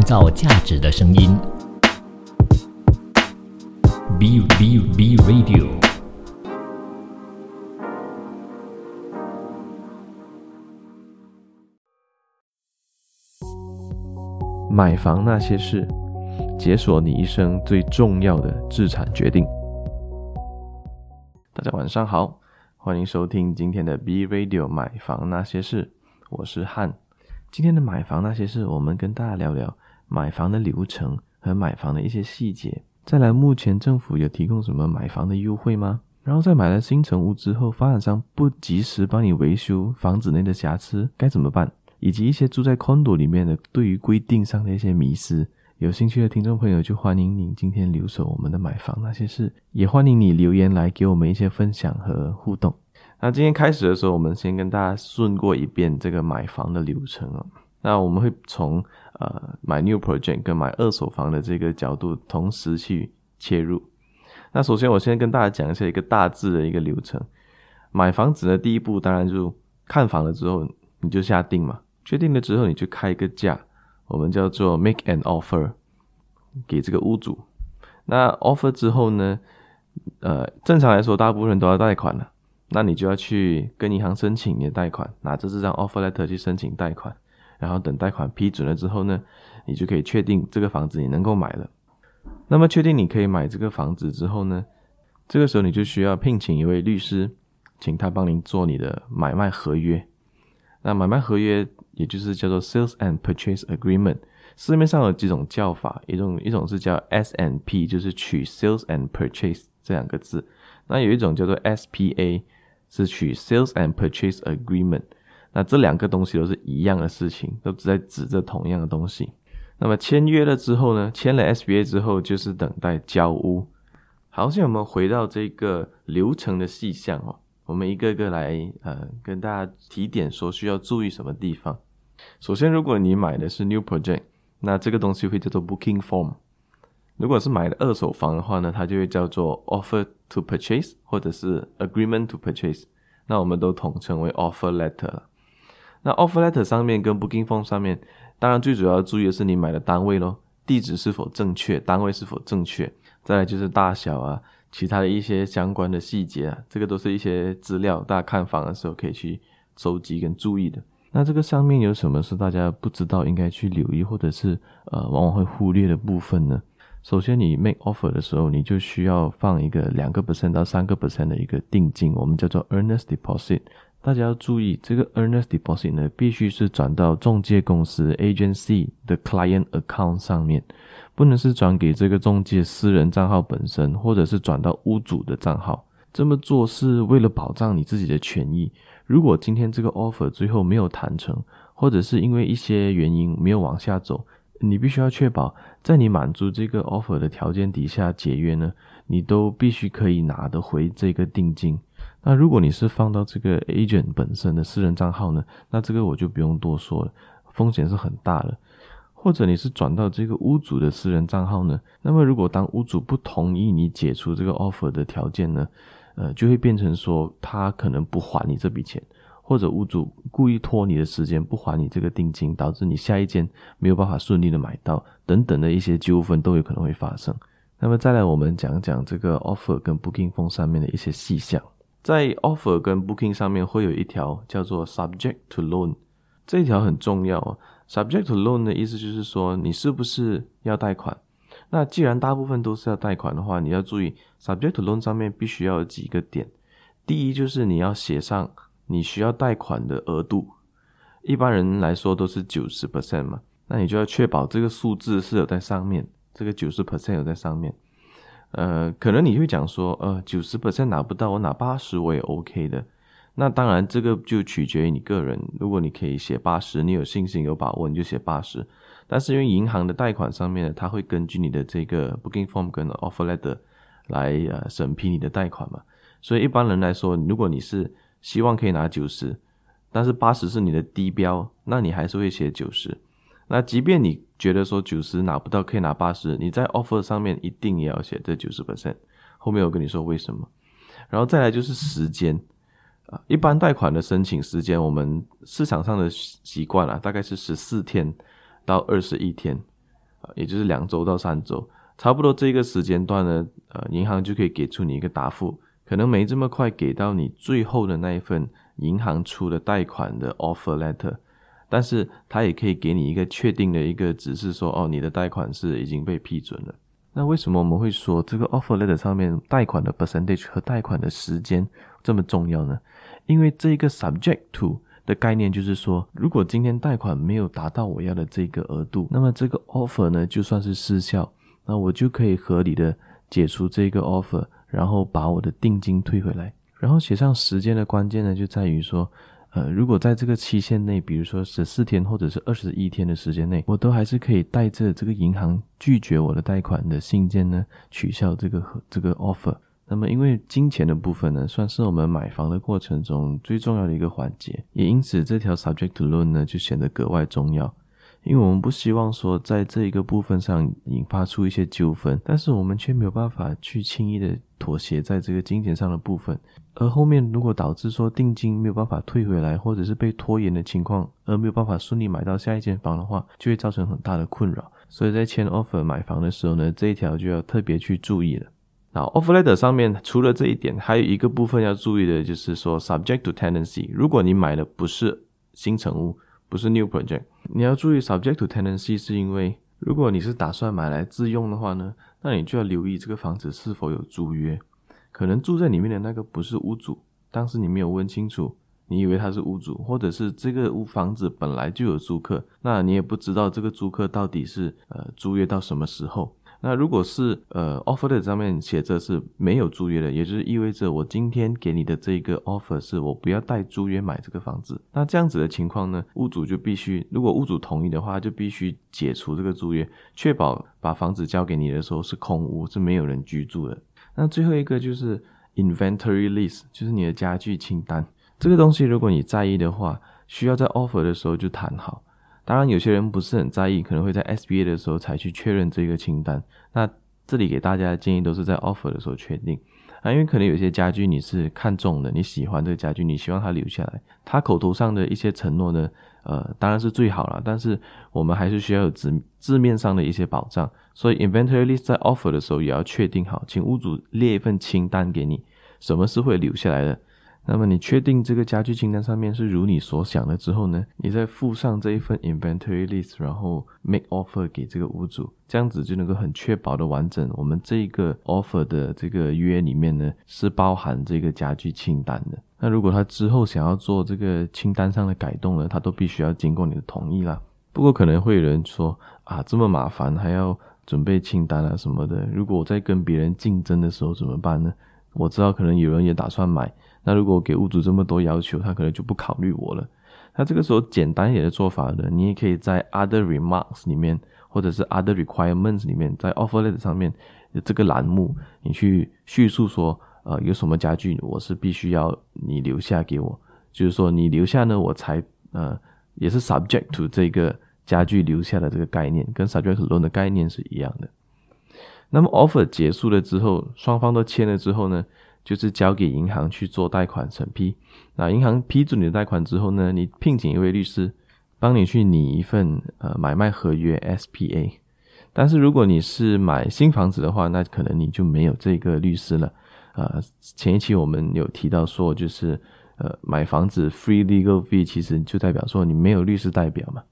創造價值的聲音。B B B Radio。買房那些事，解鎖你一生最重要的資產決定。大家晚上好，歡迎收聽今天的 B Radio 買房那些事，我是漢。今天的買房那些事，我們跟大家聊聊。買房的流程和買房的一些細節，再來，目前政府有提供什麼買房的優惠嗎？然後，在買了新成屋之後，發展商不及時幫你維修房子內的瑕疵，該怎麼辦？以及一些住在 condo 裡面的對於規定上的一些迷思，有興趣的聽眾朋友就歡迎您今天留守我們的買房那些事，也歡迎你留言來給我們一些分享和互動。那今天開始的時候，我們先跟大家順過一遍這個買房的流程哦。那我們會從呃，買、uh, new project 跟買二手房的這個角度同時去切入。那首先，我先跟大家講一下一個大致的一個流程。買房子的第一步，當然就是看房了之後，你就下定嘛。確定了之後，你就開一個價，我們叫做 make an offer 給這個屋主。那 offer 之後呢，呃，正常來說，大部分人都要貸款了，那你就要去跟銀行申請你的貸款，拿着這張 offer letter 去申請貸款。然後等貸款批准了之後呢，你就可以確定這個房子你能夠買了。那麼確定你可以買這個房子之後呢，這個時候你就需要聘請一位律師，請他幫您做你的買賣合約。那買賣合約也就是叫做 sales and purchase agreement，市面上有幾種叫法，一種一種是叫 S&P，就是取 sales and purchase 這兩個字。那有一種叫做 SPA，是取 sales and purchase agreement。那這兩個東西都是一樣的事情，都只在指着同樣的東西。那麼簽約了之後呢，簽了 SBA 之後，就是等待交屋。好，現在我們回到這個流程的細項哦，我們一個個來，呃，跟大家提點說需要注意什麼地方。首先，如果你買的是 New Project，那這個東西會叫做 Booking Form；如果是買的二手房的話呢，它就會叫做 Offer to Purchase 或者是 Agreement to Purchase，那我們都統稱為 Offer Letter。那 offer letter 上面跟 booking form 上面，當然最主要要注意的是你買的單位咯，地址是否正確，單位是否正確，再來就是大小啊，其他的一些相關的細節啊，這個都是一些資料，大家看房的時候可以去收集跟注意的。那這個上面有什麼是大家不知道應該去留意，或者是呃往往會忽略的部分呢？首先，你 make offer 的時候，你就需要放一個兩個 percent 到三個 percent 的一個定金，我們叫做 earnest deposit。大家要注意，這個 earnest deposit 呢，必須是轉到中介公司 agency 的 client account 上面，不能是轉給這個中介私人賬號本身，或者是轉到屋主的賬號。這麼做是為了保障你自己的權益。如果今天這個 offer 最後沒有談成，或者是因為一些原因沒有往下走，你必須要確保，在你滿足這個 offer 的條件底下解約呢，你都必須可以拿得回這個定金。那如果你是放到這個 agent 本身的私人賬號呢，那這個我就不用多說了，風險是很大的。或者你是轉到這個屋主的私人賬號呢，那麼如果當屋主不同意你解除這個 offer 的條件呢，呃，就會變成說他可能不還你這筆錢，或者屋主故意拖你的時間不還你這個定金，導致你下一間沒有辦法順利的買到，等等的一些糾紛都有可能會發生。那麼再來我們講講這個 offer 跟 booking 風上面的一些細項。在 offer 跟 booking 上面會有一條叫做 subject to loan，這一條很重要哦。subject to loan 的意思就是說，你是不是要貸款？那既然大部分都是要貸款的話，你要注意 subject to loan 上面必須要有幾個點。第一，就是你要寫上你需要貸款的額度，一般人來說都是九十 percent 嘛，那你就要確保這個數字是有在上面，這個九十 percent 有在上面。呃，可能你會講說，呃，九十 percent 拿不到，我拿八十我也 OK 的。那當然，這個就取決於你個人。如果你可以寫八十，你有信心、有把握，你就寫八十。但是因為銀行的貸款上面，它會根據你的這個 booking form 跟 offer letter 來、呃、審批你的貸款嘛。所以一般人來說，如果你是希望可以拿九十，但是八十是你的低標，那你還是會寫九十。那即便你覺得說九十拿不到，可以拿八十。你在 offer 上面一定也要寫這九十 percent。後面我跟你說為什麼。然後再來就是時間，啊，一般貸款的申請時間，我們市場上的習慣啊，大概是十四天到二十一天，啊，也就是兩周到三周，差不多這個時間段呢，呃，銀行就可以給出你一個答覆。可能沒這麼快給到你最後的那一份銀行出的貸款的 offer letter。但是他也可以給你一個確定的一個指示說，說哦，你的貸款是已經被批准了。那為什麼我們會說這個 offer letter 上面貸款的 percentage 和貸款的時間這麼重要呢？因為這個 subject to 的概念就是說，如果今天貸款沒有達到我要的這個額度，那麼這個 offer 呢就算是失效。那我就可以合理的解除這個 offer，然後把我的定金退回來。然後寫上時間的關鍵呢，就在於說。呃，如果在這個期限內，比如說十四天或者是二十一天的時間內，我都還是可以帶着這個銀行拒絕我的貸款的信件呢，取消這個這個 offer。那麼，因為金錢的部分呢，算是我們買房的過程中最重要的一個環節，也因此這條 subject loan 呢就顯得格外重要。因為我們不希望說，在這一個部分上引發出一些糾紛，但是我們卻沒有辦法去輕易的妥協在這個金錢上的部分。而後面如果導致說定金沒有辦法退回來，或者是被拖延的情況，而沒有辦法順利買到下一間房的話，就會造成很大的困擾。所以在簽 offer 買房的時候呢，這一條就要特別去注意了。那 offer letter 上面除了這一點，還有一個部分要注意的就是說 subject to tenancy。如果你買的不是新成屋，不是 new project，你要注意 subject to tenancy 是因為如果你是打算買來自用的話呢，那你就要留意這個房子是否有租約。可能住在裡面的那個不是屋主，但是你沒有問清楚，你以為他是屋主，或者是這個屋房子本來就有租客，那你也不知道這個租客到底是呃租約到什麼時候。那如果是呃 offer 的上面寫着是沒有租約的，也就是意味着我今天給你的這個 offer 是我不要帶租約買這個房子。那這樣子的情況呢，屋主就必須，如果屋主同意的話，就必須解除這個租約，確保把房子交給你的時候是空屋，是沒有人居住的。那最後一個就是 inventory list，就是你的家具清單。這個東西如果你在意的話，需要在 offer 的時候就談好。當然，有些人不是很在意，可能會在 SBA 的時候才去確認這個清單。那這裡給大家的建議都是在 offer 的時候確定。啊，因為可能有些家具你是看中的，你喜歡這個家具，你希望它留下來。他口頭上的一些承諾呢，呃，當然是最好了。但是我們還是需要有字字面上的一些保障。所以 inventory list 在 offer 的時候也要確定好，請屋主列一份清單給你，什麼是會留下來的。那麼你確定這個家具清單上面是如你所想的之後呢，你再附上這一份 inventory list，然後 make offer 給這個屋主，這樣子就能夠很確保的完整。我們這個 offer 的這個約裡面呢，是包含這個家具清單的。那如果他之後想要做這個清單上的改動呢，他都必須要經過你的同意啦。不過可能會有人說啊，這麼麻煩，還要。準備清單啊什麼的，如果我在跟別人競爭的時候怎麼辦呢？我知道可能有人也打算買，那如果給屋主這麼多要求，他可能就不考慮我了。那這個時候簡單一點的做法呢，你也可以在 other remarks 裡面，或者是 other requirements 裡面，在 offer letter 上面這個欄目，你去敘述說，呃，有什麼家具我是必須要你留下給我，就是說你留下呢，我才呃，也是 subject to 這個。家具留下的這個概念，跟 subject loan 的概念是一樣的。那麼 offer 結束了之後，雙方都簽了之後呢，就是交給銀行去做貸款審批。那銀行批准你的貸款之後呢，你聘請一位律師幫你去擬一份呃買賣合約 （SPA）。但是如果你是買新房子的話，那可能你就沒有這個律師了。啊、呃，前一期我們有提到說，就是呃買房子 free legal fee，其實就代表說你沒有律師代表嘛。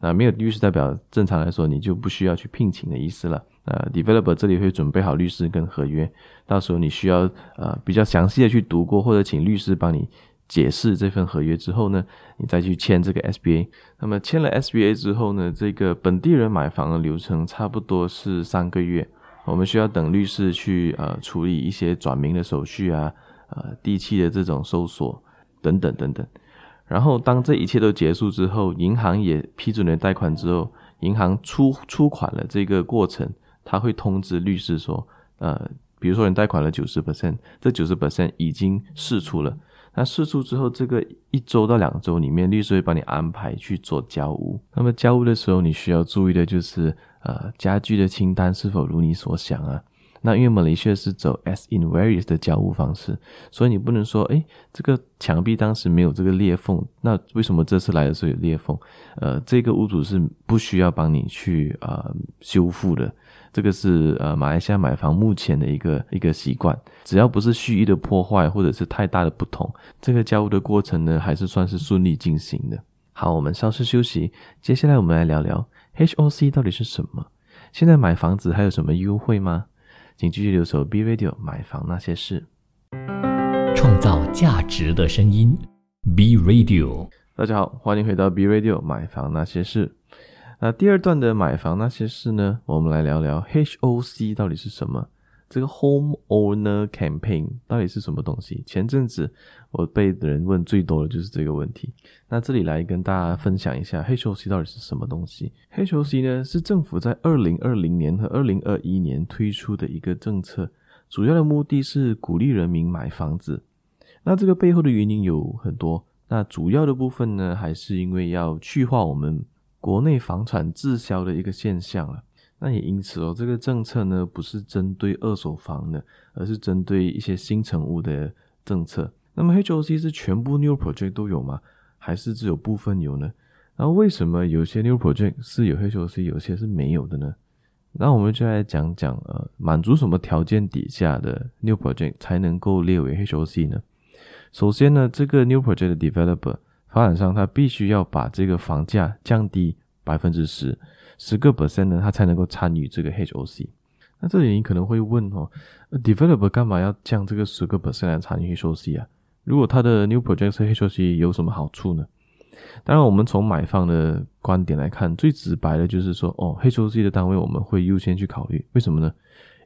啊，沒有律師代表，正常來說你就不需要去聘請的意思了。呃，developer 這裡會準備好律師跟合約，到時候你需要呃比較詳細的去讀過，或者請律師幫你解釋這份合約之後呢，你再去簽這個 SBA。那麼簽了 SBA 之後呢，這個本地人買房的流程差不多是三個月，我們需要等律師去呃處理一些轉名的手續啊，呃地契的這種搜索等等等等。然後，當這一切都結束之後，銀行也批准了貸款之後，銀行出出款的這個過程，他會通知律師說，呃，比如說你貸款了九十 percent，這九十 percent 已經釋出了，那釋出之後，這個一周到兩周裡面，律師會幫你安排去做交屋。那麼交屋的時候，你需要注意的就是，呃，家具的清單是否如你所想啊。那因為馬來西亞是走 as in various 的交屋方式，所以你不能說，哎，這個牆壁當時沒有這個裂縫，那為什麼這次來的時候有裂縫？呃，這個屋主是不需要幫你去啊、呃、修復的，這個是呃馬來西亞買房目前的一個一個習慣，只要不是蓄意的破壞或者是太大的不同，這個交屋的過程呢，還是算是順利進行的。好，我們稍事休息，接下來我們來聊聊 HOC 到底是什麼？現在買房子還有什麼優惠嗎？請繼續留守 B Radio 買房那些事，創造價值的聲音。B Radio，大家好，歡迎回到 B Radio 買房那些事。那第二段的買房那些事呢，我們來聊聊 HOC 到底是什麼。這個 home owner campaign 到底是什麼東西？前陣子我被人問最多的就是這個問題。那這裡來跟大家分享一下 HOC 到底是什麼東西？HOC 呢是政府在二零二零年和二零二一年推出的一個政策，主要的目的是鼓勵人民買房子。那這個背後的原因有很多，那主要的部分呢還是因為要去化我們國內房產滯銷的一個現象了。那也因此哦，這個政策呢不是針對二手房的，而是針對一些新成屋的政策。那麼 HOC 是全部 new project 都有嗎？還是只有部分有呢？然後為什麼有些 new project 是有 HOC，有些是沒有的呢？那我們就來講講呃，滿足什麼條件底下的 new project 才能夠列為 HOC 呢？首先呢，這個 new project 的 developer 發展商他必須要把這個房價降低百分之十。十個 percent 呢，他才能夠參與這個 HOC。那這裡你可能會問哦，developer 幹嘛要降這個十個 percent 來參與 HOC 啊？如果他的 new projects HOC 有什麼好處呢？當然，我們從買方的觀點來看，最直白的就是說，哦，HOC 的單位我們會優先去考慮，為什麼呢？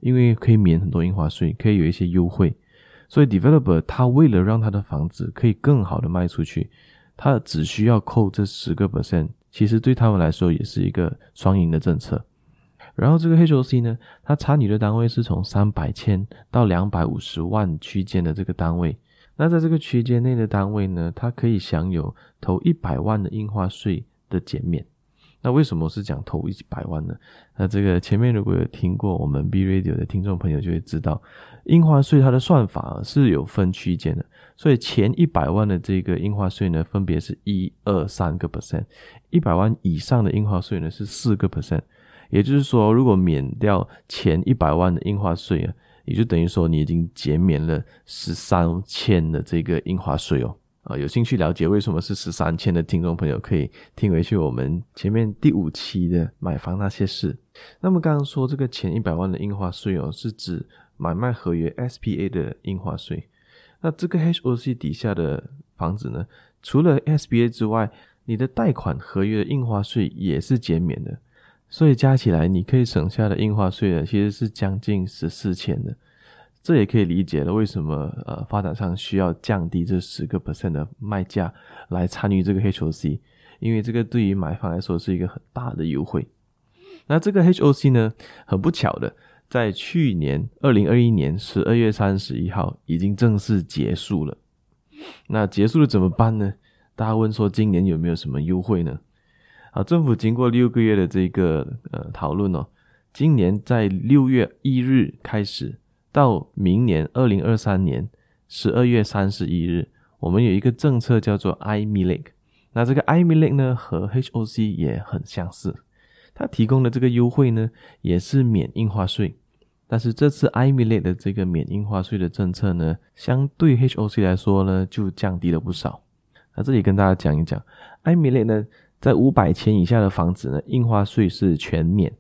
因為可以免很多印花稅，可以有一些優惠。所以 developer 他為了讓他的房子可以更好的賣出去，他只需要扣這十個 percent。其實對他們來說也是一個雙贏的政策。然後這個 HOC 呢，它參與的單位是從三百千到兩百五十萬區間的這個單位。那在這個區間內的單位呢，它可以享有投一百萬的印花稅的減免。那為什麼是講投一百萬呢？那這個前面如果有聽過我們 B Radio 的聽眾朋友就會知道。印花稅它的算法是有分區間的，所以前一百萬的這個印花稅呢，分別是一、二、三個 percent；一百萬以上的印花稅呢是四個 percent。也就是說，如果免掉前一百萬的印花稅啊，也就等於說你已經減免了十三千的這個印花稅哦。啊，有興趣了解為什麼是十三千的聽眾朋友可以聽回去我們前面第五期的買房那些事。那麼剛剛說這個前一百萬的印花稅哦，是指買賣合約 S P A 的印花稅，那這個 H O C 底下的房子呢，除了 S P A 之外，你的貸款合約的印花稅也是減免的，所以加起來你可以省下的印花稅呢，其實是將近十四千的，這也可以理解了為什麼呃發展商需要降低這十個 percent 的賣價來參與這個 H O C，因為這個對於買方來說是一個很大的優惠。那這個 H O C 呢，很不巧的。在去年二零二一年十二月三十一號已經正式結束了。那結束了怎麼辦呢？大家問說今年有沒有什麼優惠呢？啊，政府經過六個月的這個呃討論哦，今年在六月一日開始到明年二零二三年十二月三十一日，我們有一個政策叫做 i-MILIKI，那這個 i-MILIKI 呢和 HOC 也很相似。它提供的這個優惠呢，也是免印花稅，但是這次艾米 e 的這個免印花稅的政策呢，相對 HOC 來說呢，就降低了不少。那這裡跟大家講一講，艾米 e 呢，在五百千以下的房子呢，印花稅是全免；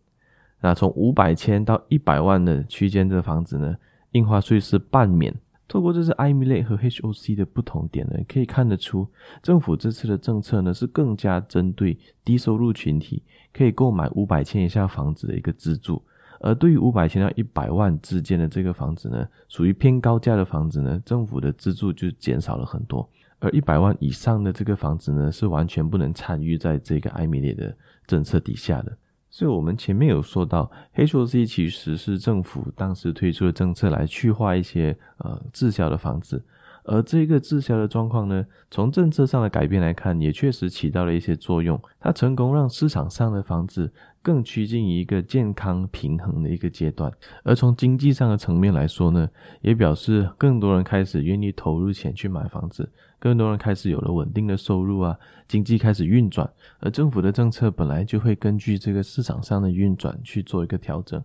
那從五百千到一百萬的區間，這個房子呢，印花稅是半免。透過這次艾米列和 HOC 的不同點呢，可以看得出政府這次的政策呢是更加針對低收入群體，可以購買五百千以下房子的一個資助；而對於五百千到一百萬之間的這個房子呢，屬於偏高價的房子呢，政府的資助就減少了很多；而一百萬以上的這個房子呢，是完全不能參與在這個艾米 e 的政策底下的。所以，我們前面有說到，HOC 其實是政府當時推出的政策來去化一些呃滯銷的房子，而這個滯銷的狀況呢，從政策上的改變來看，也確實起到了一些作用。它成功讓市場上的房子更趨近於一個健康平衡的一個階段，而從經濟上的層面來說呢，也表示更多人開始願意投入錢去買房子。更多人開始有了穩定的收入啊，經濟開始運轉，而政府的政策本來就會根據這個市場上的運轉去做一個調整。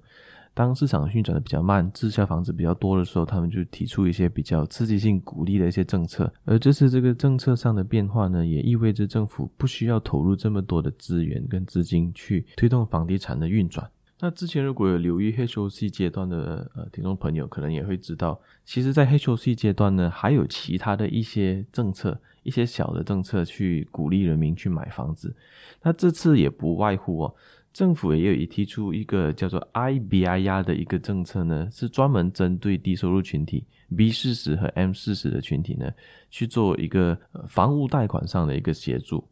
當市場運轉的比較慢，滯銷房子比較多的時候，他們就提出一些比較刺激性鼓勵的一些政策。而這次這個政策上的變化呢，也意味着政府不需要投入這麼多的資源跟資金去推動房地產的運轉。那之前如果有留意 HOC 階段的呃聽眾朋友，可能也會知道，其實，在 HOC 階段呢，還有其他的一些政策，一些小的政策去鼓勵人民去買房子。那這次也不外乎哦，政府也有一提出一個叫做 IBIR 的一個政策呢，是專門針對低收入群體 B40 和 M40 的群體呢去做一個房屋貸款上的一個協助。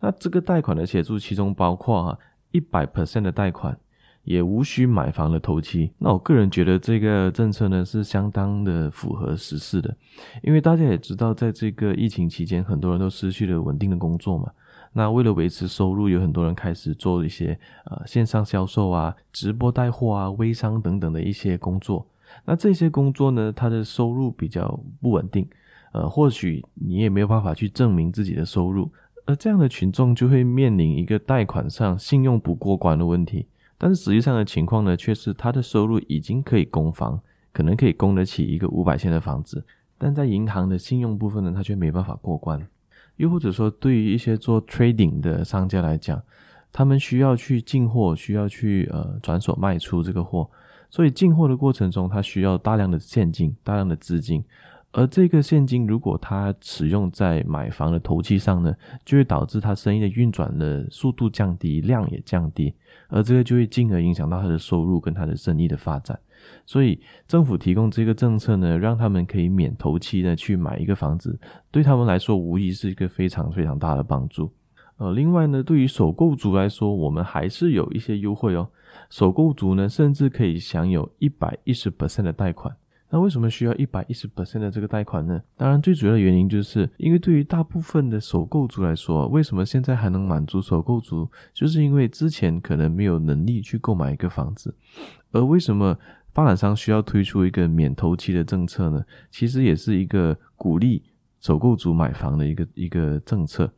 那這個貸款的協助，其中包括啊一百 percent 的貸款。也無需買房的頭期，那我個人覺得這個政策呢是相當的符合時事的，因為大家也知道，在這個疫情期間，很多人都失去了穩定的工作嘛。那為了維持收入，有很多人開始做一些呃線上銷售啊、直播帶貨啊、微商等等的一些工作。那這些工作呢，它的收入比較不穩定，呃，或許你也沒有辦法去證明自己的收入，而這樣的群眾就會面臨一個貸款上信用不過關的問題。但是實際上的情況呢，卻是他的收入已經可以供房，可能可以供得起一個五百千的房子，但在銀行的信用部分呢，他卻沒辦法過關。又或者說，對於一些做 trading 的商家來講，他們需要去進貨，需要去呃轉手賣出這個貨，所以進貨的過程中，他需要大量的現金，大量的資金。而這個現金如果他使用在買房的頭期上呢，就會導致他生意的運轉的速度降低，量也降低，而這個就會進而影響到他的收入跟他的生意的發展。所以政府提供這個政策呢，讓他們可以免頭期呢去買一個房子，對他們來說無疑是一個非常非常大的幫助。呃，另外呢，對於首購族來說，我們還是有一些優惠哦。首購族呢，甚至可以享有一百一十%的貸款。那為什麼需要一百一十%的這個貸款呢？當然，最主要的原因就是因為對於大部分的首購族來說，為什麼現在還能滿足首購族，就是因為之前可能沒有能力去購買一個房子，而為什麼發展商需要推出一個免頭期的政策呢？其實也是一個鼓勵首購族買房的一個一個政策，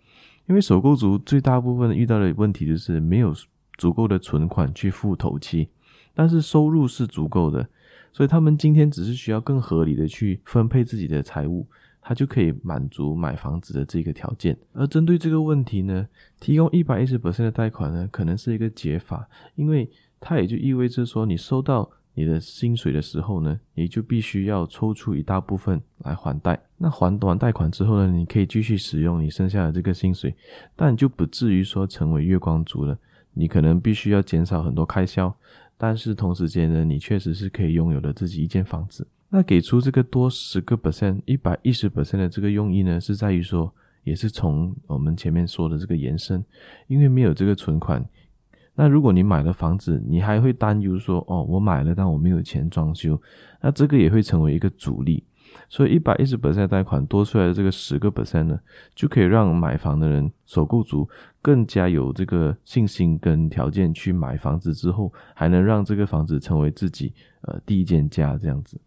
因為首購族最大部分遇到的問題就是沒有足夠的存款去付頭期，但是收入是足夠的。所以他們今天只是需要更合理的去分配自己的財務，他就可以滿足買房子的這個條件。而針對這個問題呢，提供一百一十%的貸款呢，可能是一個解法，因為它也就意味着說，你收到你的薪水的時候呢，你就必須要抽出一大部分來還貸。那還完貸款之後呢，你可以繼續使用你剩下的這個薪水，但就不至於說成為月光族了。你可能必須要減少很多開銷。但是同時間呢，你確實是可以擁有了自己一間房子。那給出這個多十個 percent、一百一十 percent 的這個用意呢，是在於說，也是從我們前面說的這個延伸，因為沒有這個存款，那如果你買了房子，你還會擔憂說，哦，我買了，但我沒有錢裝修，那這個也會成為一個阻力。所以一百一十 percent 貸款多出來的這個十個 percent 呢，就可以讓買房的人首購族更加有這個信心跟條件去買房子，之後還能讓這個房子成為自己呃第一間家這樣子。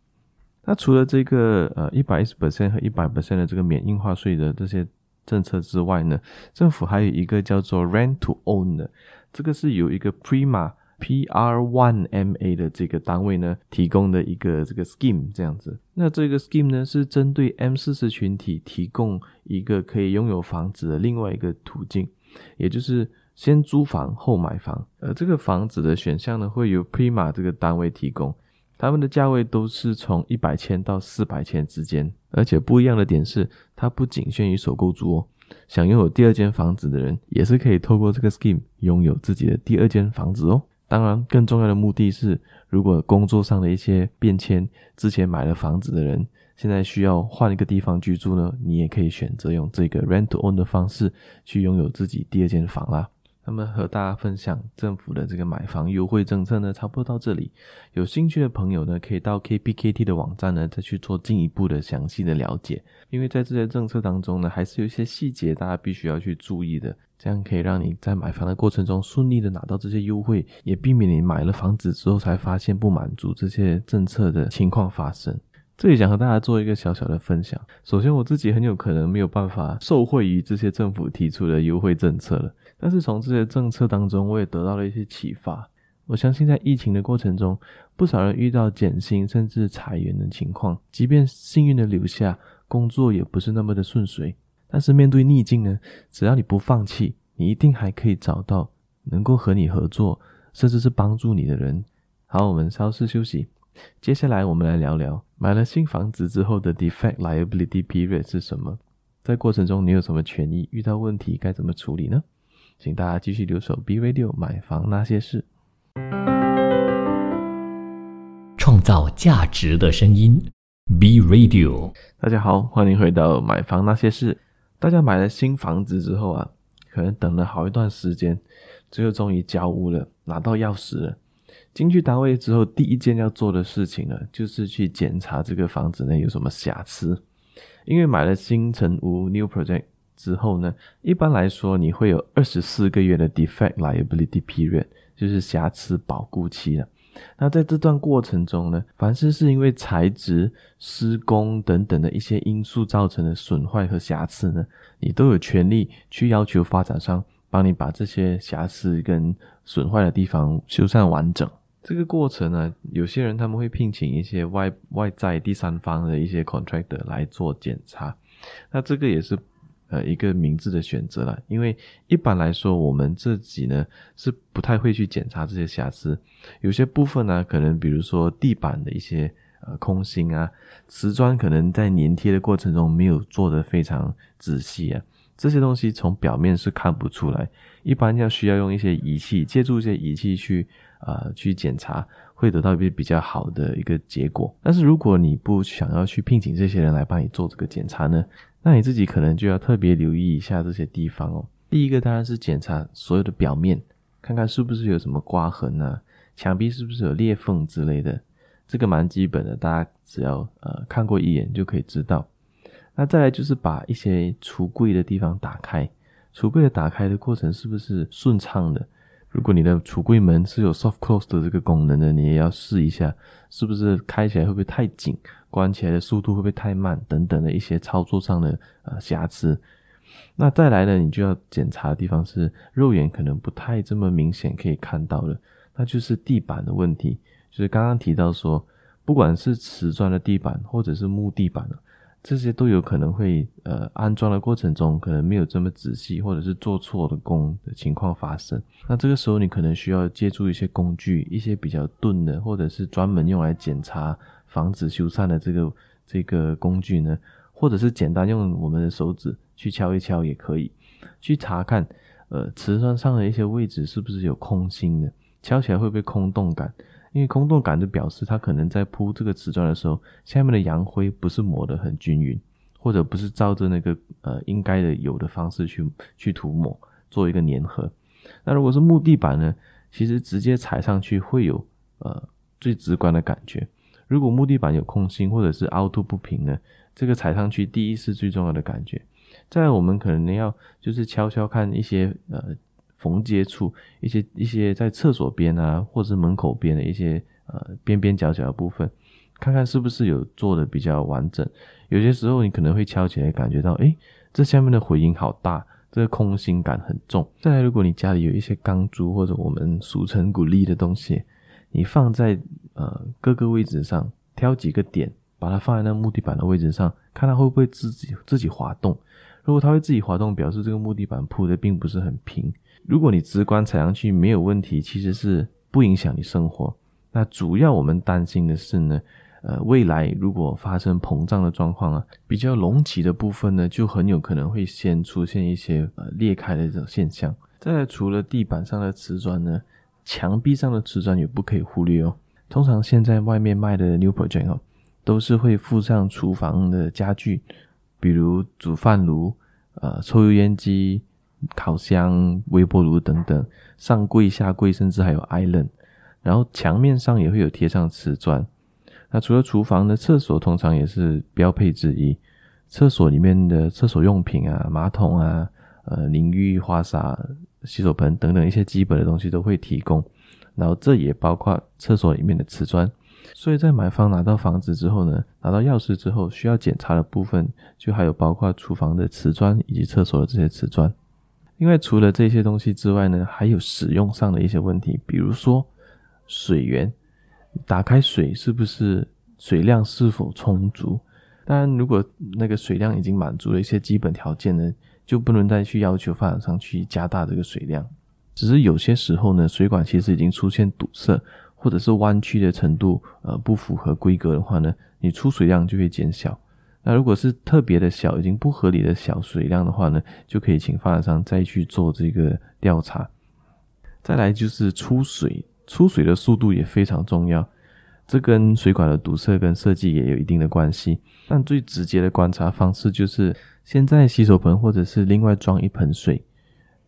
那除了這個呃一百一十 percent 和一百 percent 的這個免印花稅的這些政策之外呢，政府還有一個叫做 Rent to Own 的，這個是有一個 Prima。PR1MA 的這個單位呢，提供的一個這個 scheme 這樣子，那這個 scheme 呢是針對 M 四十群體提供一個可以擁有房子的另外一個途徑，也就是先租房後買房。而這個房子的選項呢，會由 PR1MA 這個單位提供，他們的價位都是從一百千到四百千之間，而且不一樣的點是，它不僅限於首購族哦，想擁有第二間房子的人，也是可以透過這個 scheme 擁有自己的第二間房子哦。當然，更重要的目的是，如果工作上的一些變遷，之前買了房子的人，現在需要換一個地方居住呢，你也可以選擇用這個 rent to own 的方式去擁有自己第二間房啦。那麼和大家分享政府的這個買房優惠政策呢，差不多到這裡。有興趣的朋友呢，可以到 KPKT 的網站呢，再去做進一步的詳細的了解。因為在這些政策當中呢，還是有一些細節大家必須要去注意的。這樣可以讓你在買房的過程中順利的拿到這些優惠，也避免你買了房子之後才發現不滿足這些政策的情況發生。這裡想和大家做一個小小的分享。首先，我自己很有可能沒有辦法受惠於這些政府提出的優惠政策了。但是從這些政策當中，我也得到了一些啟發。我相信在疫情的過程中，不少人遇到減薪甚至裁員的情況，即便幸運的留下，工作也不是那麼的順遂。但是面對逆境呢？只要你不放棄，你一定還可以找到能夠和你合作，甚至是幫助你的人。好，我們稍事休息，接下來我們來聊聊買了新房子之後的 Defect Liability Period 是什麼？在過程中你有什麼權益？遇到問題該怎麼處理呢？請大家繼續留守 B Radio 買房那些事，創造價值的聲音 B Radio。大家好，歡迎回到買房那些事。大家買了新房子之後啊，可能等了好一段時間，最後終於交屋了，拿到鑰匙了。進去單位之後，第一件要做的事情呢，就是去檢查這個房子呢有什麼瑕疵。因為買了新成屋 （new project） 之後呢，一般來說你會有二十四個月的 defect liability period，就是瑕疵保固期了。那在這段過程中呢，凡是是因為材質、施工等等的一些因素造成的損壞和瑕疵呢，你都有權利去要求發展商幫你把這些瑕疵跟損壞的地方修繕完整。這個過程呢，有些人他們會聘請一些外外在第三方的一些 contractor 來做檢查，那這個也是，呃，一個明智的選擇了，因為一般來說，我們自己呢是不太會去檢查這些瑕疵，有些部分呢、啊，可能比如說地板的一些呃空心啊，瓷磚可能在粘貼的過程中沒有做得非常仔細啊，這些東西從表面是看不出來，一般要需要用一些儀器，借助一些儀器去啊、呃、去檢查。會得到一個比較好的一個結果，但是如果你不想要去聘請這些人來幫你做這個檢查呢，那你自己可能就要特別留意一下這些地方哦。第一個當然是檢查所有的表面，看看是不是有什麼刮痕啊，牆壁是不是有裂縫之類的，這個蠻基本的，大家只要呃看過一眼就可以知道。那再來就是把一些櫥櫃的地方打開，櫥櫃的打開的過程是不是順暢的？如果你的櫥櫃門是有 soft close 的這個功能的，你也要試一下，是不是開起來會不會太緊，關起來的速度會不會太慢等等的一些操作上的呃瑕疵。那再來呢，你就要檢查的地方是肉眼可能不太這麼明顯可以看到的，那就是地板的問題，就是剛剛提到說，不管是瓷磚的地板或者是木地板這些都有可能會，呃，安裝的過程中可能沒有這麼仔細，或者是做錯的工的情況發生。那這個時候你可能需要借助一些工具，一些比較鈍的，或者是專門用來檢查、防止修繕的這個這個工具呢，或者是簡單用我們的手指去敲一敲也可以，去查看，呃，瓷磚上的一些位置是不是有空心的，敲起來會不會空洞感。因為空洞感就表示它可能在鋪這個瓷磚的時候，下面的洋灰不是抹得很均勻，或者不是照着那個呃應該的有的方式去去塗抹，做一個粘合那如果是木地板呢，其實直接踩上去會有呃最直觀的感覺。如果木地板有空心或者是凹凸不平呢，這個踩上去第一是最重要的感覺。再來我們可能要就是敲敲看一些呃。縫接處一些一些在廁所邊啊，或者是門口邊的一些呃邊邊角角的部分，看看是不是有做的比較完整。有些時候你可能會敲起來感覺到，誒。這下面的回音好大，這個空心感很重。再來，如果你家裡有一些鋼珠，或者我們俗稱古力的東西，你放在呃各個位置上，挑幾個點，把它放在那木地板的位置上，看它會不會自己自己滑動。如果它會自己滑動，表示這個木地板鋪的並不是很平。如果你直觀踩上去沒有問題，其實是不影響你生活。那主要我們擔心的是呢，呃，未來如果發生膨脹的狀況啊，比較隆起的部分呢，就很有可能會先出現一些呃裂開的這種現象。再來，除了地板上的瓷磚呢，牆壁上的瓷磚也不可以忽略哦。通常現在外面賣的 new project 哦，都是會附上廚房的家具，比如煮飯爐、呃抽油煙機。烤箱、微波爐等等，上櫃、下櫃，甚至還有 island，然後牆面上也會有貼上瓷磚。那除了廚房呢，廁所通常也是標配之一。廁所裡面的廁所用品啊，馬桶啊，呃，淋浴花灑、洗手盆等等一些基本的東西都會提供。然後這也包括廁所裡面的瓷磚。所以在買方拿到房子之後呢，拿到鑰匙之後，需要檢查的部分就還有包括廚房的瓷磚以及廁所的這些瓷磚。因為除了這些東西之外呢，還有使用上的一些問題，比如說水源，打開水是不是水量是否充足？當然，如果那個水量已經滿足了一些基本條件呢，就不能再去要求發展商去加大這個水量。只是有些時候呢，水管其實已經出現堵塞，或者是彎曲的程度呃不符合規格的話呢，你出水量就會減小。那如果是特別的小、已經不合理的小水量的話呢，就可以請發展商再去做這個調查。再來就是出水，出水的速度也非常重要，這跟水管的堵塞跟設計也有一定的關係。但最直接的觀察方式就是，先在洗手盆或者是另外裝一盆水，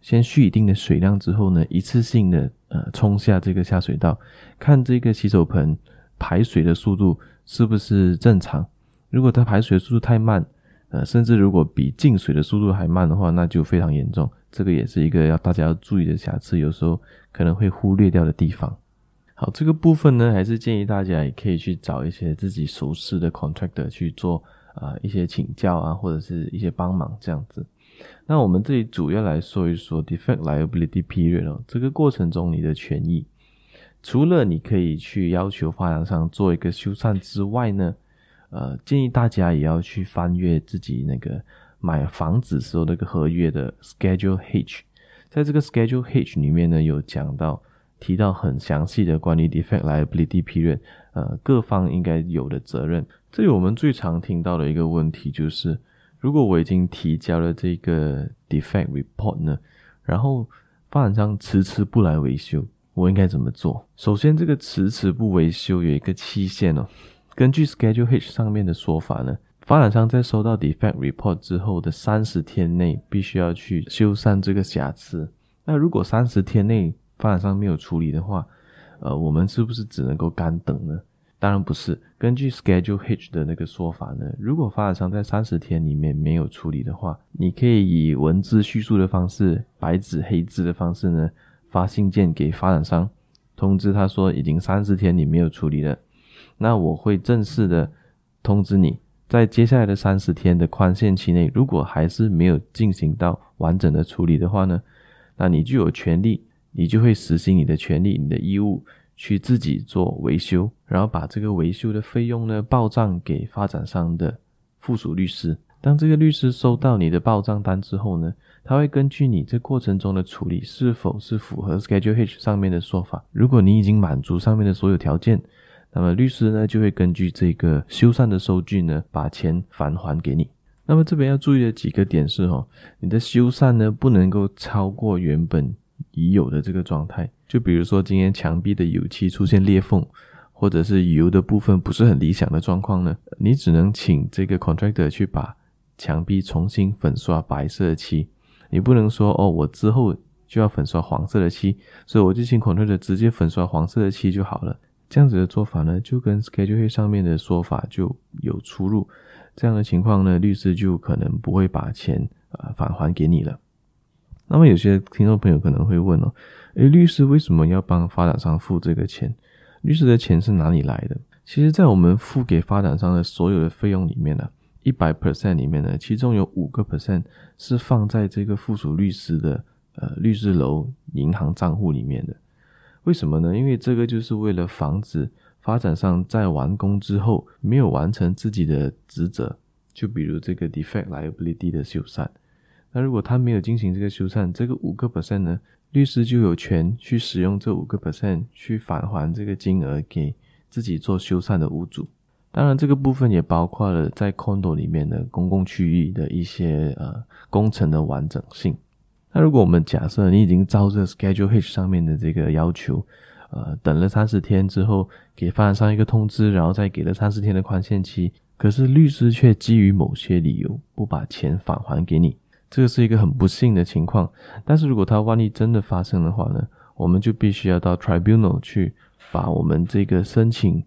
先蓄一定的水量之後呢，一次性的呃沖下這個下水道，看這個洗手盆排水的速度是不是正常。如果它排水速度太慢，呃，甚至如果比進水的速度還慢的話，那就非常嚴重。這個也是一個要大家要注意的瑕疵，有時候可能會忽略掉的地方。好，這個部分呢，還是建議大家也可以去找一些自己熟悉的 contractor 去做啊、呃、一些請教啊，或者是一些幫忙這樣子。那我們這裡主要來說一說 defect liability period 哦，這個過程中你的權益，除了你可以去要求發展商做一個修繕之外呢，呃，建議大家也要去翻閱自己那個買房子時候那個合約的 schedule H，在這個 schedule H 裡面呢，有講到提到很詳細的關於 defect liability period，呃，各方應該有的責任。這裡我們最常聽到的一個問題就是，如果我已經提交了這個 defect report 呢，然後發展商遲遲不來維修，我應該怎麼做？首先，這個遲遲不維修有一個期限哦。根據 Schedule H 上面的說法呢，發展商在收到 Defect Report 之後的三十天內，必須要去修繕這個瑕疵。那如果三十天內發展商沒有處理的話，呃，我們是不是只能夠乾等呢？當然不是。根據 Schedule H 的那個說法呢，如果發展商在三十天裡面沒有處理的話，你可以以文字敘述的方式，白紙黑字的方式呢，發信件給發展商，通知他說已經三十天你沒有處理了。那我會正式的通知你，在接下來的三十天的寬限期內，如果還是沒有進行到完整的處理的話呢，那你就有權利，你就會實行你的權利、你的義務，去自己做維修，然後把這個維修的費用呢報賬給發展商的附屬律師。當這個律師收到你的報賬單之後呢，他會根據你這過程中的處理是否是符合 Schedule H 上面的說法，如果你已經滿足上面的所有條件。那麼律師呢就會根據這個修繕的收據呢把錢返還給你。那麼這邊要注意的幾個點是吼，哦，你的修繕呢不能夠超過原本已有的這個狀態。就比如說今天牆壁的油漆出現裂縫，或者是油的部分不是很理想的狀況呢，你只能請這個 contractor 去把牆壁重新粉刷白色的漆。你不能說哦，我之後就要粉刷黃色的漆，所以我就請 contractor 直接粉刷黃色的漆就好了。這樣子的做法呢，就跟 schedule 上面的說法就有出入。這樣的情況呢，律師就可能不會把錢啊、呃、返還給你了。那麼有些聽眾朋友可能會問哦，哎，律師為什麼要幫發展商付這個錢？律師的錢是哪裡來的？其實，在我們付給發展商的所有的費用裡面呢、啊，一百 percent 裡面呢，其中有五個 percent 是放在這個附屬律師的呃律師樓銀行賬戶裡面的。為什麼呢？因為這個就是為了防止發展商在完工之後沒有完成自己的職責，就比如這個 defect liability 的修繕。那如果他沒有進行這個修繕，這個五個 percent 呢，律師就有權去使用這五個 percent 去返還這個金額給自己做修繕的屋主。當然，這個部分也包括了在 condo 裡面的公共區域的一些呃工程的完整性。那如果我們假設你已經照着 schedule H 上面的這個要求，呃，等了三十天之後，給發展商一個通知，然後再給了三十天的寬限期，可是律師卻基於某些理由不把錢返還給你，這個是一個很不幸的情況。但是如果他萬一真的發生的話呢，我們就必須要到 tribunal 去把我們這個申請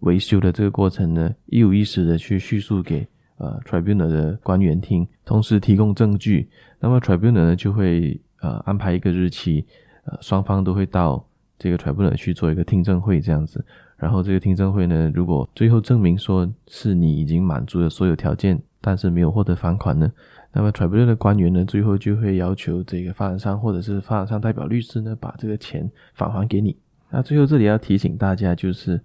維修的這個過程呢一五一十的去敘述給。呃，tribunal 的官員聽，同時提供證據，那麼 tribunal 呢就會呃安排一個日期，呃雙方都會到這個 tribunal 去做一個聽證會這樣子。然後這個聽證會呢，如果最後證明說是你已經滿足了所有條件，但是沒有獲得返款呢，那麼 tribunal 的官員呢，最後就會要求這個發展商或者是發展商代表律師呢把這個錢返還給你。那最後這裡要提醒大家就是，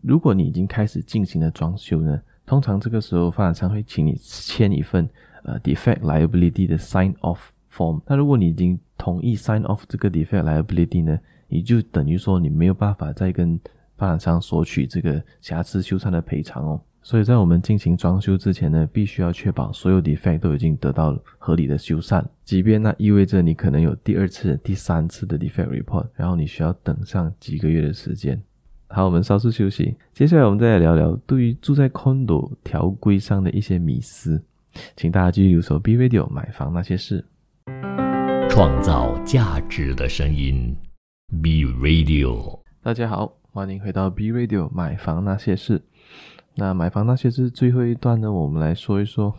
如果你已經開始進行了裝修呢。通常這個時候，發展商會請你簽一份呃 defect liability 的 sign off form。那如果你已經同意 sign off 這個 defect liability 呢，你就等於說你沒有辦法再跟發展商索取這個瑕疵修繕的賠償哦。所以在我們進行裝修之前呢，必須要確保所有 defect 都已經得到合理的修繕，即便那意味着你可能有第二次、第三次的 defect report，然後你需要等上幾個月的時間。好，我們稍事休息。接下來，我們再來聊聊對於住在 condo 條規上的一些迷思，請大家繼續留守 B Radio 買房那些事。創造價值的聲音，B Radio。大家好，歡迎回到 B Radio 買房那些事。那買房那些事最後一段呢，我們來說一說，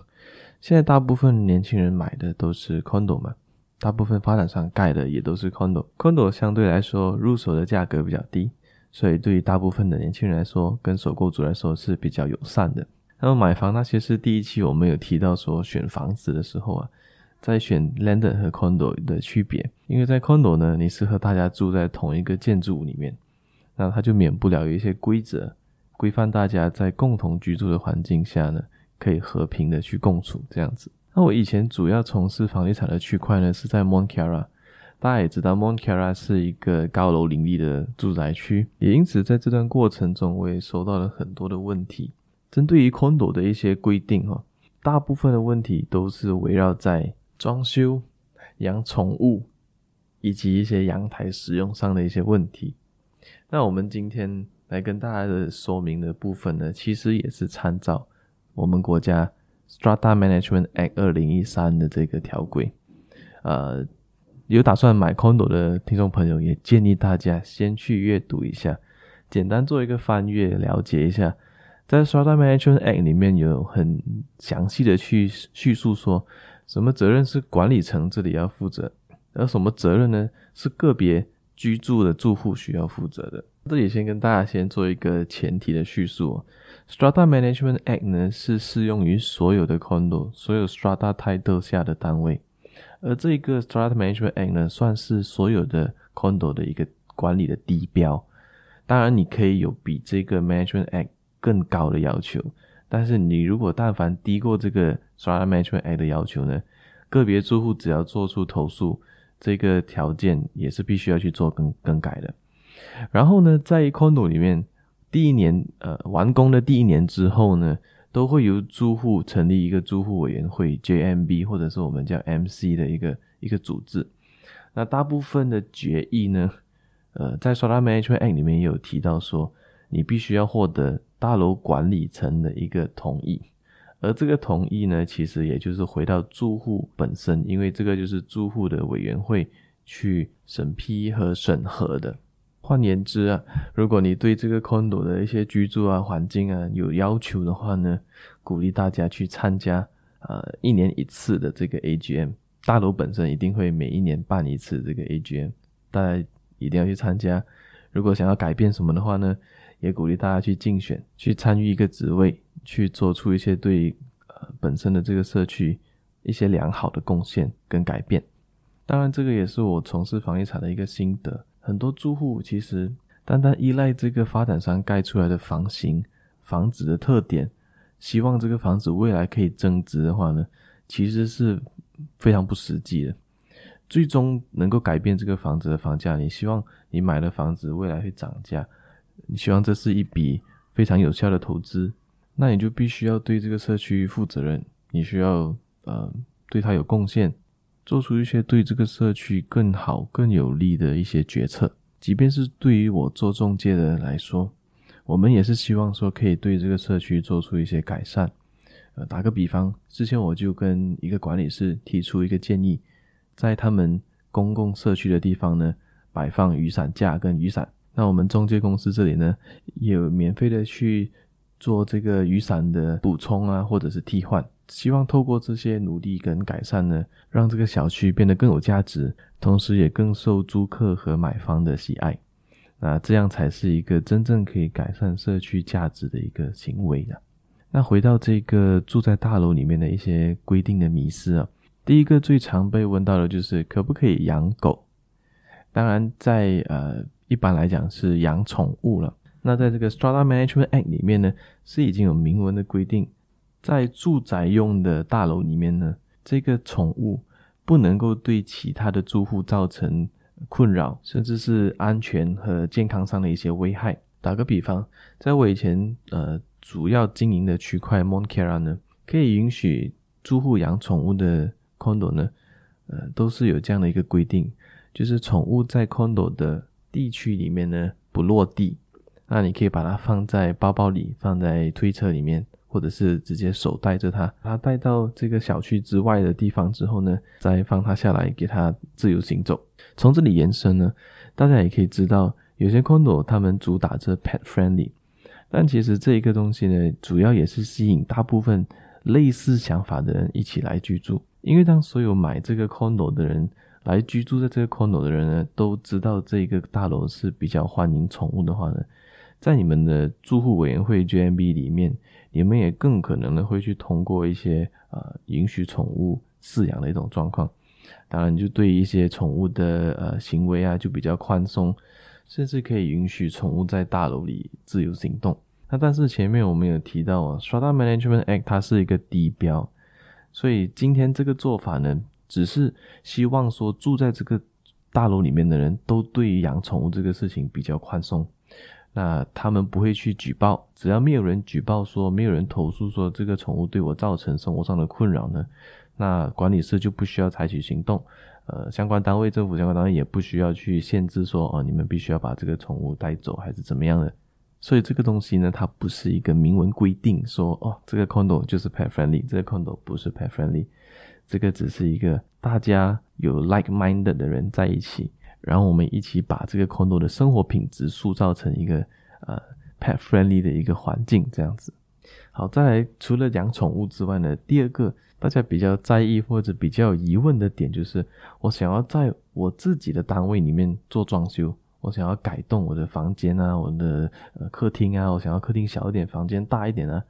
現在大部分年輕人買的都是 condo 嘛，大部分發展商蓋的也都是 condo。condo 相對來說入手的價格比較低。所以對於大部分的年輕人來說，跟首購族來說是比較友善的。那麼買房那些是第一期我們有提到說，選房子的時候啊，在選 Landed 和 Condo 的區別，因為在 Condo 呢，你是和大家住在同一個建築物裡面，那它就免不了有一些規則規範大家在共同居住的環境下呢，可以和平的去共處這樣子。那我以前主要從事房地產的區塊呢，是在 Mont Kiara 大家也知道，Mont Kiara 是一個高樓林立的住宅區，也因此在這段過程中，我也收到了很多的問題。針對於 Condo 的一些規定，哈，大部分的問題都是圍繞在裝修、養寵物以及一些陽台使用上的一些問題。那我們今天來跟大家的說明的部分呢，其實也是參照我們國家《Strata Management Act 二零一三》的這個條規，呃。有打算買 condo 的聽眾朋友，也建議大家先去閱讀一下，簡單做一個翻閱，了解一下。在《Strata Management Act》裡面有很詳細的去敘述，說什麼責任是管理層這裡要負責，而什麼責任呢，是個別居住的住戶需要負責的。這裡先跟大家先做一個前提的敘述哦。《Strata Management Act》呢，是適用於所有的 condo，所有 strata title 下的單位。而這個 strata management act 呢，算是所有的 condo 的一個管理的地標。當然，你可以有比這個 management act 更高的要求。但是，你如果但凡低過這個 strata management act 的要求呢，個別住戶只要做出投訴，這個條件也是必須要去做更更改的。然後呢，在 condo 裡面，第一年，呃，完工的第一年之後呢。都會由住戶成立一個住戶委員會 （JMB） 或者是我們叫 MC 的一個一個組織。那大部分的決議呢，呃，在 Strata Management Act 裡面也有提到說，你必須要獲得大樓管理層的一個同意，而這個同意呢，其實也就是回到住戶本身，因為這個就是住戶的委員會去審批和審核的。換言之啊，如果你對這個 condo 的一些居住啊環境啊有要求的話呢，鼓勵大家去參加啊、呃、一年一次的這個 AGM。大樓本身一定會每一年辦一次這個 AGM，大家一定要去參加。如果想要改變什麼的話呢，也鼓勵大家去競選，去參與一個職位，去做出一些對於呃本身的這個社區一些良好的貢獻跟改變。當然，這個也是我從事房地產的一個心得。很多住戶其實單單依賴這個發展商蓋出來的房型、房子的特點，希望這個房子未來可以增值的話呢，其實是非常不實際的。最終能夠改變這個房子的房價，你希望你買的房子未來會漲價，你希望這是一筆非常有效的投資，那你就必須要對這個社區負責任，你需要嗯、呃、對它有貢獻。做出一些對這個社區更好、更有利的一些決策，即便是對於我做中介的人來說，我們也是希望說可以對這個社區做出一些改善。呃，打個比方，之前我就跟一個管理師提出一個建議，在他們公共社區的地方呢，擺放雨傘架跟雨傘，那我們中介公司這裡呢，也有免費的去做這個雨傘的補充啊，或者是替換。希望透過這些努力跟改善呢，讓這個小區變得更有價值，同時也更受租客和買方的喜愛。那這樣才是一個真正可以改善社區價值的一個行為的。那回到這個住在大樓裡面的一些規定的迷思啊，第一個最常被問到的就是可不可以養狗？當然在，在呃一般來講是養寵物了。那在這個 Strata Management Act 裡面呢，是已經有明文的規定。在住宅用的大樓裡面呢，這個寵物不能夠對其他的住戶造成困擾，甚至是安全和健康上的一些危害。打個比方，在我以前呃主要經營的區塊 Mont Kiara 呢，可以允許住戶養寵物的 Condo 呢，呃，都是有這樣的一個規定，就是寵物在 Condo 的地區裡面呢，不落地，那你可以把它放在包包裡，放在推車裡面。或者是直接手帶着它，把它帶到這個小區之外的地方之後呢，再放它下來，給它自由行走。從這裡延伸呢，大家也可以知道，有些 condo 他們主打著 pet friendly，但其實這一個東西呢，主要也是吸引大部分類似想法的人一起來居住。因為當所有買這個 condo 的人來居住在這個 condo 的人呢，都知道這個大樓是比較歡迎寵物的話呢，在你們的住戶委員會 JMB 裡面，你們也更可能的會去通過一些呃允許寵物飼養的一種狀況。當然，就對於一些寵物的呃行為啊就比較寬鬆，甚至可以允許寵物在大樓裡自由行動。那但是前面我們有提到啊 Strata Management Act 它是一個低標，所以今天這個做法呢，只是希望說住在這個大樓裡面的人都對於養寵物這個事情比較寬鬆。那他們不會去舉報，只要沒有人舉報說，沒有人投訴說這個寵物對我造成生活上的困擾呢，那管理社就不需要採取行動，呃，相關單位、政府相關單位也不需要去限制說，哦，你們必須要把這個寵物帶走還是怎麼樣的。所以這個東西呢，它不是一個明文規定，說哦，這個 condo 就是 pet friendly，這個 condo 不是 pet friendly，這個只是一個大家有 like minded 的人在一起。然後我們一起把這個 Condo 的生活品質塑造成一個呃、uh, pet friendly 的一個環境，這樣子。好，再來除了養寵物之外呢，第二個大家比較在意或者比較有疑問的點就是，我想要在我自己的單位裡面做裝修，我想要改動我的房間啊，我的呃客廳啊，我想要客廳小一點，房間大一點呢、啊，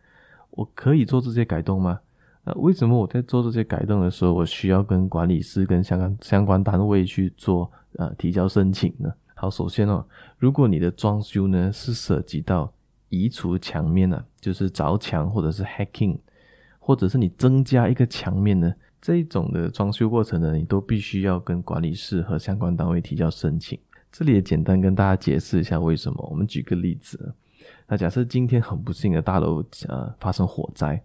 我可以做這些改動嗎？那為什麼我在做這些改動的時候，我需要跟管理室跟相關相關單位去做呃提交申請呢？好，首先哦，如果你的裝修呢是涉及到移除牆面呢，啊，就是鑿牆或者是 hacking，或者是你增加一個牆面呢，這一種的裝修過程呢，你都必須要跟管理室和相關單位提交申請。這裡也簡單跟大家解釋一下為什麼。我們舉個例子，那假設今天很不幸的大樓呃發生火災，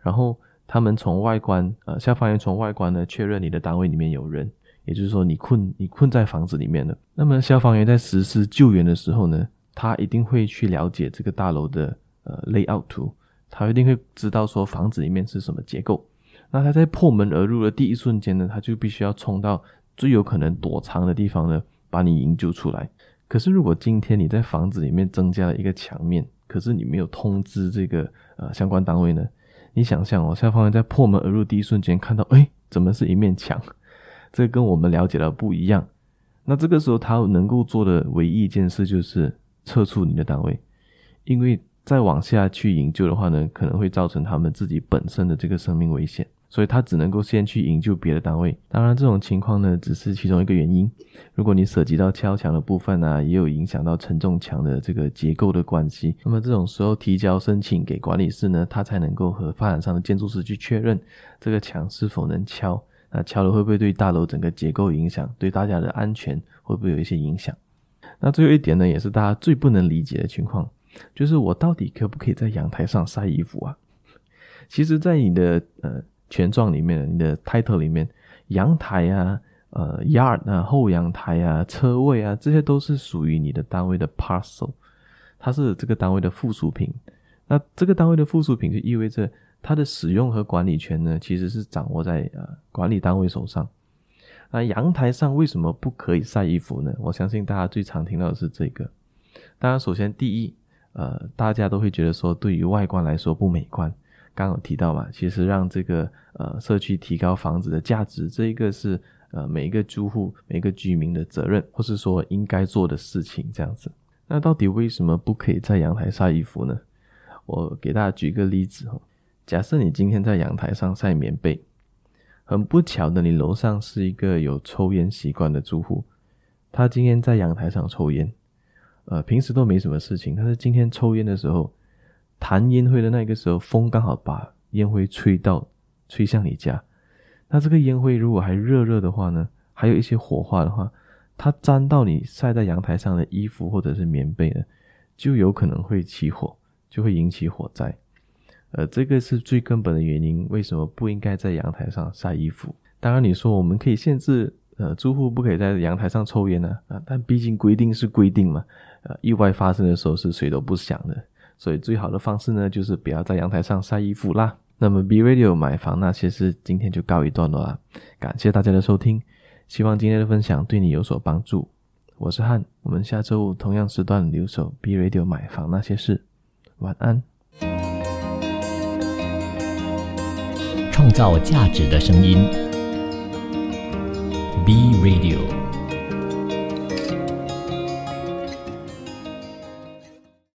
然後。他們從外觀，呃，消防員從外觀呢確認你的單位裡面有人，也就是說你困你困在房子裡面了。那麼消防員在實施救援的時候呢，他一定會去了解這個大樓的呃 layout 圖，他一定會知道說房子裡面是什麼結構。那他在破門而入的第一瞬間呢，他就必須要衝到最有可能躲藏的地方呢，把你營救出來。可是如果今天你在房子裡面增加了一個牆面，可是你沒有通知這個呃相關單位呢？你想象哦，消防員在破門而入第一瞬間看到，哎，怎麼是一面牆？這個跟我們了解的不一樣。那這個時候他能夠做的唯一一件事就是撤出你的單位，因為再往下去營救的話呢，可能會造成他們自己本身的這個生命危險。所以他只能夠先去營救別的單位。當然，這種情況呢，只是其中一個原因。如果你涉及到敲牆的部分呢，啊，也有影響到承重牆的這個結構的關係。那麼這種時候提交申請給管理室呢，他才能夠和發展商的建築師去確認這個牆是否能敲，那敲了會不會對大樓整個結構影響，對大家的安全會不會有一些影響？那最後一點呢，也是大家最不能理解的情況，就是我到底可不可以在陽台上曬衣服啊？其實，在你的呃，權狀裡面，你的 title 裡面，陽台啊，呃，yard 啊，後陽台啊，車位啊，這些都是屬於你的單位的 parcel，它是這個單位的附屬品。那這個單位的附屬品就意味着它的使用和管理權呢，其實是掌握在，呃，管理單位手上。那陽台上為什麼不可以曬衣服呢？我相信大家最常聽到的是這個。當然，首先第一，呃，大家都會覺得說，對於外觀來說不美觀。剛有提到嘛，其實讓這個呃社區提高房子的價值，這一個是呃每一個租戶、每一個居民的責任，或是說應該做的事情這樣子。那到底為什麼不可以在陽台上曬衣服呢？我給大家舉一個例子、哦、假設你今天在陽台上曬棉被，很不巧的，你樓上是一個有抽煙習慣的住戶，他今天在陽台上抽煙，呃，平時都沒什麼事情，但是今天抽煙的時候。彈煙灰的那個時候，風剛好把煙灰吹到，吹向你家。那這個煙灰如果還熱熱的話呢，還有一些火花的話，它沾到你曬在陽台上的衣服或者是棉被呢，就有可能會起火，就會引起火災。呃，這個是最根本的原因，為什麼不應該在陽台上曬衣服？當然，你說我們可以限制，呃，住戶不可以在陽台上抽煙呢、啊？啊，但畢竟規定是規定嘛，呃、啊，意外發生的時候是誰都不想的。所以最好的方式呢，就是不要在陽台上曬衣服啦。那麼 B Radio 買房那些事，今天就告一段落啦。感謝大家的收聽，希望今天的分享對你有所幫助。我是漢，我們下周五同樣時段留守 B Radio 買房那些事。晚安，創造價值的聲音，B Radio。